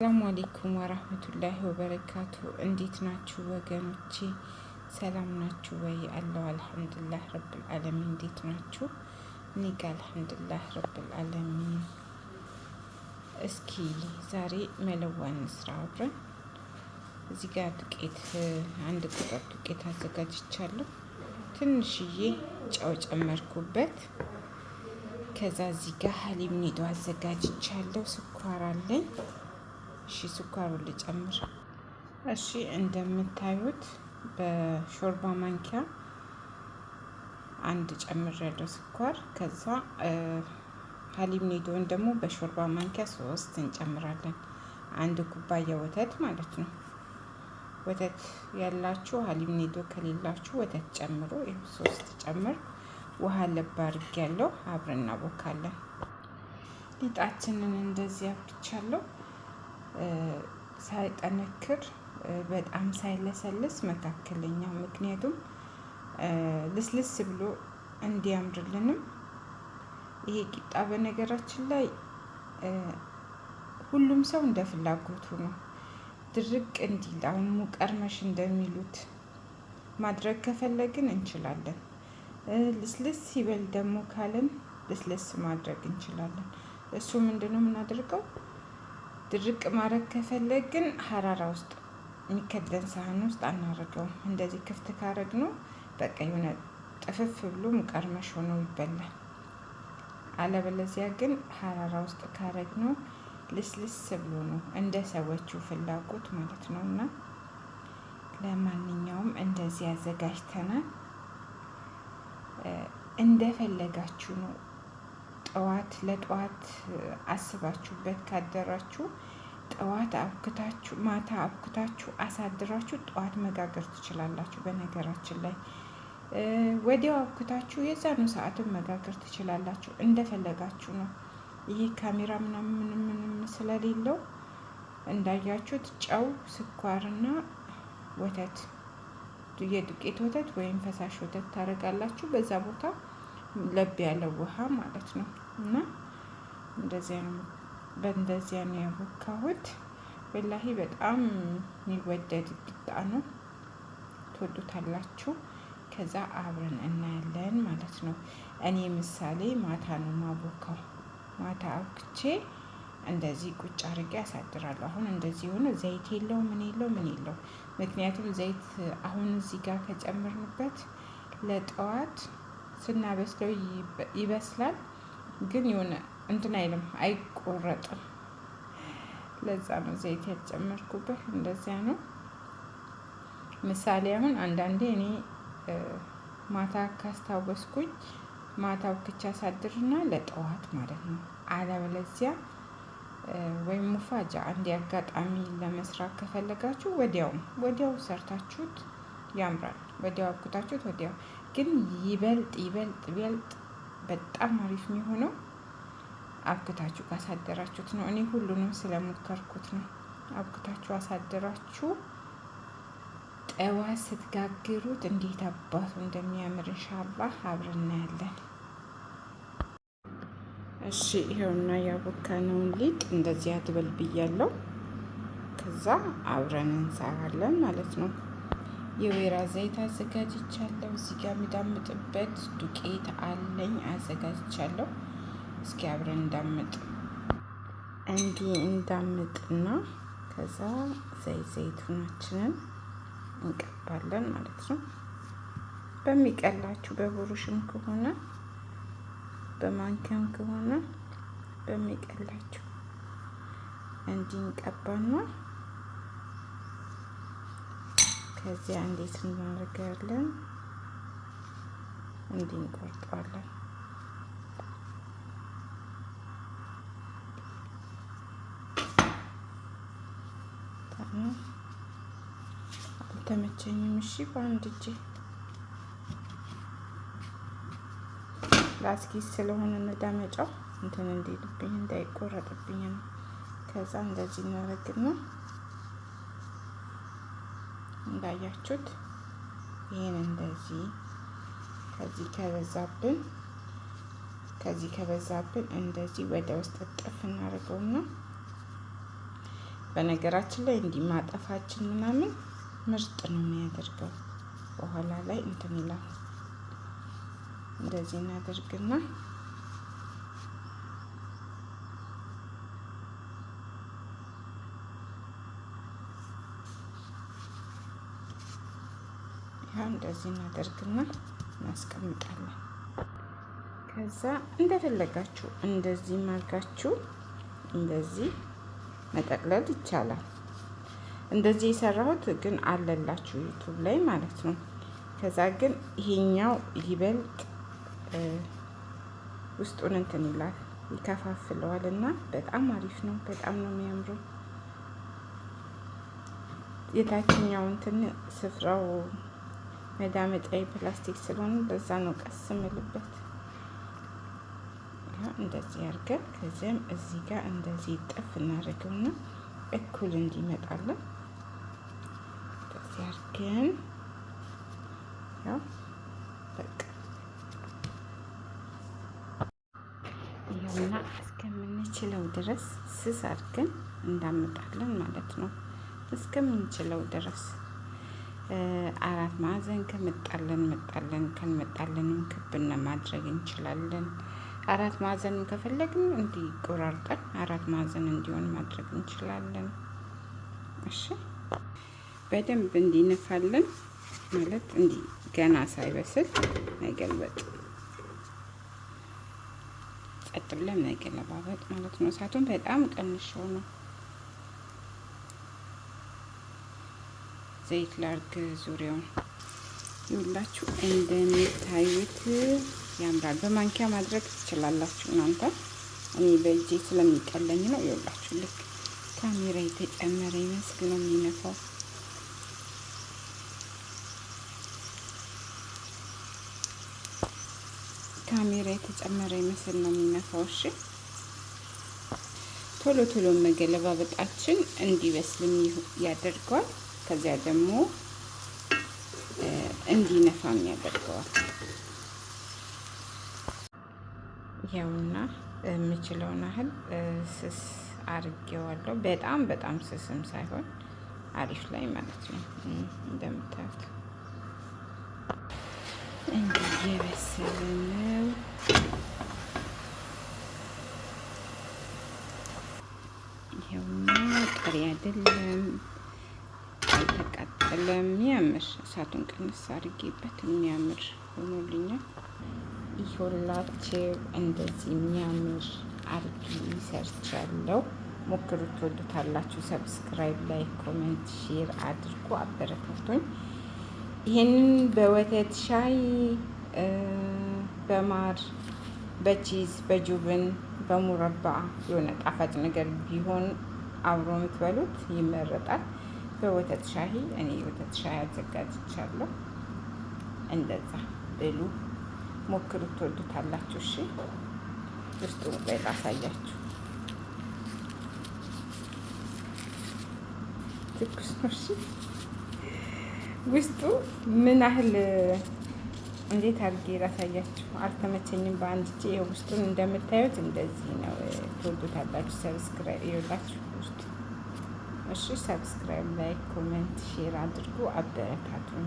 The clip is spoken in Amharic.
ሰላሙ አሌይኩም ወራህመቱላሂ ወበረካቱ። እንዴት ናችሁ ወገኖቼ? ሰላም ናችሁ ወይ? አለው አልሐምዱላህ ረብል አለሚን። እንዴት ናችሁ? እኔ ጋ አልሐምዱላህ ረብል አለሚን። እስኪ ዛሬ መለዋን እንስራ አብረን። እዚህ ጋር ዱቄት አንድ ቁጥር ዱቄት አዘጋጅቻለሁ። ትንሽዬ ጨው ጨመርኩበት። ከዛ እዚህ ጋር ሀሊብ ኒዶ አዘጋጅቻለሁ። ስኳር አለኝ እሺ ስኳሩን ልጨምር። እሺ እንደምታዩት በሾርባ ማንኪያ አንድ ጨምር ያለው ስኳር። ከዛ ሀሊብ ኔዶን ደግሞ በሾርባ ማንኪያ ሶስት እንጨምራለን። አንድ ኩባያ ወተት ማለት ነው። ወተት ያላችሁ ሀሊብ ኔዶ ከሌላችሁ ወተት ጨምሮ ይህ ሶስት ጨምር። ውሃ ለብ አድርጌ ያለው አብረን እናቦካለን። ሊጣችንን እንደዚህ አብርቻለሁ። ሳይጠነክር በጣም ሳይለሰልስ መካከለኛ። ምክንያቱም ልስልስ ብሎ እንዲያምርልንም ይሄ ቂጣ በነገራችን ላይ ሁሉም ሰው እንደ ፍላጎቱ ነው። ድርቅ እንዲል አሁን ሙቀርመሽ እንደሚሉት ማድረግ ከፈለግን እንችላለን። ልስልስ ሲበል ደግሞ ካለን ልስልስ ማድረግ እንችላለን። እሱ ምንድነው የምናደርገው? ድርቅ ማድረግ ከፈለግን ሀራራ ውስጥ የሚከደን ሳህን ውስጥ አናደርገውም። እንደዚህ ክፍት ካረግ ነው በቃ የሆነ ጥፍፍ ብሎ ሙቀርመሽ ሆኖ ይበላል። አለበለዚያ ግን ሀራራ ውስጥ ካረግ ነው ልስልስ ብሎ ነው እንደ ሰዎቹ ፍላጎት ማለት ነው። እና ለማንኛውም እንደዚህ አዘጋጅተናል። እንደፈለጋችሁ ነው ጠዋት ለጠዋት አስባችሁበት ካደራችሁ ጠዋት አብክታችሁ ማታ አብክታችሁ አሳድራችሁ ጠዋት መጋገር ትችላላችሁ። በነገራችን ላይ ወዲያው አብክታችሁ የዛኑ ሰዓትን መጋገር ትችላላችሁ። እንደፈለጋችሁ ነው። ይህ ካሜራ ምናምን ምንም ስለሌለው እንዳያችሁት ጨው፣ ስኳርና ወተት የዱቄት ወተት ወይም ፈሳሽ ወተት ታደርጋላችሁ። በዛ ቦታ ለብ ያለ ውሃ ማለት ነው። እና እንደዚያ ነው በእንደዚያ ነው ያቦካሁት። ወላሂ በጣም የሚወደድ ቂጣ ነው። ትወዱታላችሁ። ከዛ አብረን እናያለን ማለት ነው። እኔ ምሳሌ ማታ ነው ማቦካው። ማታ አብክቼ እንደዚህ ቁጭ አድርጌ ያሳድራለሁ። አሁን እንደዚህ የሆነ ዘይት የለው ምን የለው ምን የለው። ምክንያቱም ዘይት አሁን እዚህ ጋር ከጨምርንበት ለጠዋት ስናበስለው ይበስላል። ግን የሆነ እንትን አይልም፣ አይቆረጥም። ለዛ ነው ዘይት ያጨመርኩበት። እንደዚያ ነው። ምሳሌ አሁን አንዳንዴ እኔ ማታ ካስታወስኩኝ ማታ ውክቻ ሳድርና ለጠዋት ማለት ነው። አለበለዚያ ወይም ሙፋጃ አንድ አጋጣሚ ለመስራት ከፈለጋችሁ ወዲያውም ወዲያው ሰርታችሁት ያምራል። ወዲያው አብኩታችሁት ወዲያው ግን ይበልጥ ይበልጥ ይበልጥ በጣም አሪፍ የሚሆነው አብክታችሁ ካሳደራችሁት ነው። እኔ ሁሉንም ስለሞከርኩት ነው። አብክታችሁ አሳደራችሁ ጠዋት ስትጋግሩት እንዴት አባቱ እንደሚያምር እንሻላህ አብረን እናያለን። እሺ ይኸውና ያቦካነውን ሊጥ እንደዚህ አድበል ብያለው። ከዛ አብረን እንሰራለን ማለት ነው። የወይራ ዘይት አዘጋጅቻለሁ። እዚህ ጋር የሚዳምጥበት ዱቄት አለኝ አዘጋጅቻለሁ። እስኪ አብረን እንዳምጥ እንዲህ እንዳምጥና ከዛ ዘይት ዘይቱናችንን እንቀባለን ማለት ነው። በሚቀላችሁ በብሩሽም ከሆነ በማንኪያም ከሆነ በሚቀላችሁ እንዲህ እንቀባና ከዚያ እንዴት እናደርጋለን? እንዲህ እንቆርጠዋለን። አልተመቸኝም። እሺ፣ በአንድ እጅ ላስኪስ ስለሆነ መዳመጫው እንትን እንዲልብኝ እንዳይቆረጥብኝ ነው። ከዛ እንደዚህ እናደርግና እንዳያችሁት ይህን እንደዚህ ከዚህ ከበዛብን ከዚህ ከበዛብን እንደዚህ ወደ ውስጥ እጥፍ እናደርገውና በነገራችን ላይ እንዲህ ማጠፋችን ምናምን ምርጥ ነው የሚያደርገው። በኋላ ላይ እንትን ይላል። እንደዚህ እናደርግና ይሄ እንደዚህ እናደርግና እናስቀምጣለን። ከዛ እንደፈለጋችሁ እንደዚህ ማርጋችሁ እንደዚህ መጠቅለል ይቻላል። እንደዚህ የሰራሁት ግን አለላችሁ ዩቱብ ላይ ማለት ነው። ከዛ ግን ይሄኛው ይበልጥ ውስጡን እንትን ይላል ይከፋፍለዋል፣ እና በጣም አሪፍ ነው። በጣም ነው የሚያምረው የታችኛው እንትን ስፍራው መዳመጫዬ ፕላስቲክ ስለሆነ በዛ ነው ቀስ ምልበት። እንደዚህ አድርገን ከዚያም እዚህ ጋር እንደዚህ ጠፍ እናደርገውና እኩል እንዲመጣለን እንደዚህ አድርገን ያው በቃ እስከምንችለው ድረስ ስስ አድርገን እንዳመጣለን ማለት ነው። እስከምንችለው ድረስ አራት ማዕዘን ከመጣለን መጣለን ካልመጣለንም ክብና ማድረግ እንችላለን። አራት ማዕዘንም ከፈለግን እንዲቆራርጠን አራት ማዕዘን እንዲሆን ማድረግ እንችላለን። እሺ በደንብ እንዲነፋለን ማለት እንዲህ ገና ሳይበስል መገልበጥ ጸጥ ብለን መገለባበጥ ማለት ነው። እሳቱን በጣም ቀንሼው ነው። ዘይት ላርግ ዙሪያውን ይውላችሁ። እንደሚታዩት ያምራል። በማንኪያ ማድረግ ትችላላችሁ እናንተ። እኔ በእጄ ስለሚቀለኝ ነው። ይውላችሁ ልክ ካሜራ የተጨመረ ይመስል ነው የሚነፋው። ካሜራ የተጨመረ ይመስል ነው የሚነፋው። እሺ ቶሎ ቶሎ መገለባበጣችን እንዲበስልም ያደርገዋል። ከዚያ ደግሞ እንዲነፋ ያደርገዋል። ይኸውና የምችለውን ያህል ስስ አድርጌዋለሁ። በጣም በጣም ስስም ሳይሆን አሪፍ ላይ ማለት ነው። እንደምታዩት እንዲህ የበሰለ ነው። ይኸውና ጥሬ አይደለም። የሚያቃጥል የሚያምር እሳቱን ቀንስ አድርጌበት የሚያምር ሆኖልኛል። ይሁላችሁ እንደዚህ የሚያምር አርጊ ሰርቻለሁ። ሞክሩት፣ ትወዱታላችሁ። ሰብስክራይብ፣ ላይ ኮሜንት፣ ሼር አድርጎ አበረታቱኝ። ይህንን በወተት ሻይ፣ በማር፣ በቺዝ፣ በጁብን፣ በሙረባ የሆነ ጣፋጭ ነገር ቢሆን አብሮ የምትበሉት ይመረጣል። በወተት ሻሂ እኔ ወተት ሻሂ አዘጋጅቻለሁ። እንደዛ ብሉ፣ ሞክሩ፣ ትወዱታላችሁ። እሺ ውስጡ ቆይ ላሳያችሁ። ትኩስ ነው። እሺ ውስጡ ምን ያህል እንዴት አድርጌ ላሳያችሁ፣ አልተመቸኝም በአንድ እጄ። ውስጡን እንደምታዩት እንደዚህ ነው። ትወዱታላችሁ። ሰብስክራይብ ይኸውላችሁ ውስጡ እሺ፣ ሰብስክራይብ፣ ላይክ፣ ኮሜንት፣ ሼር አድርጉ። አበረታቱን።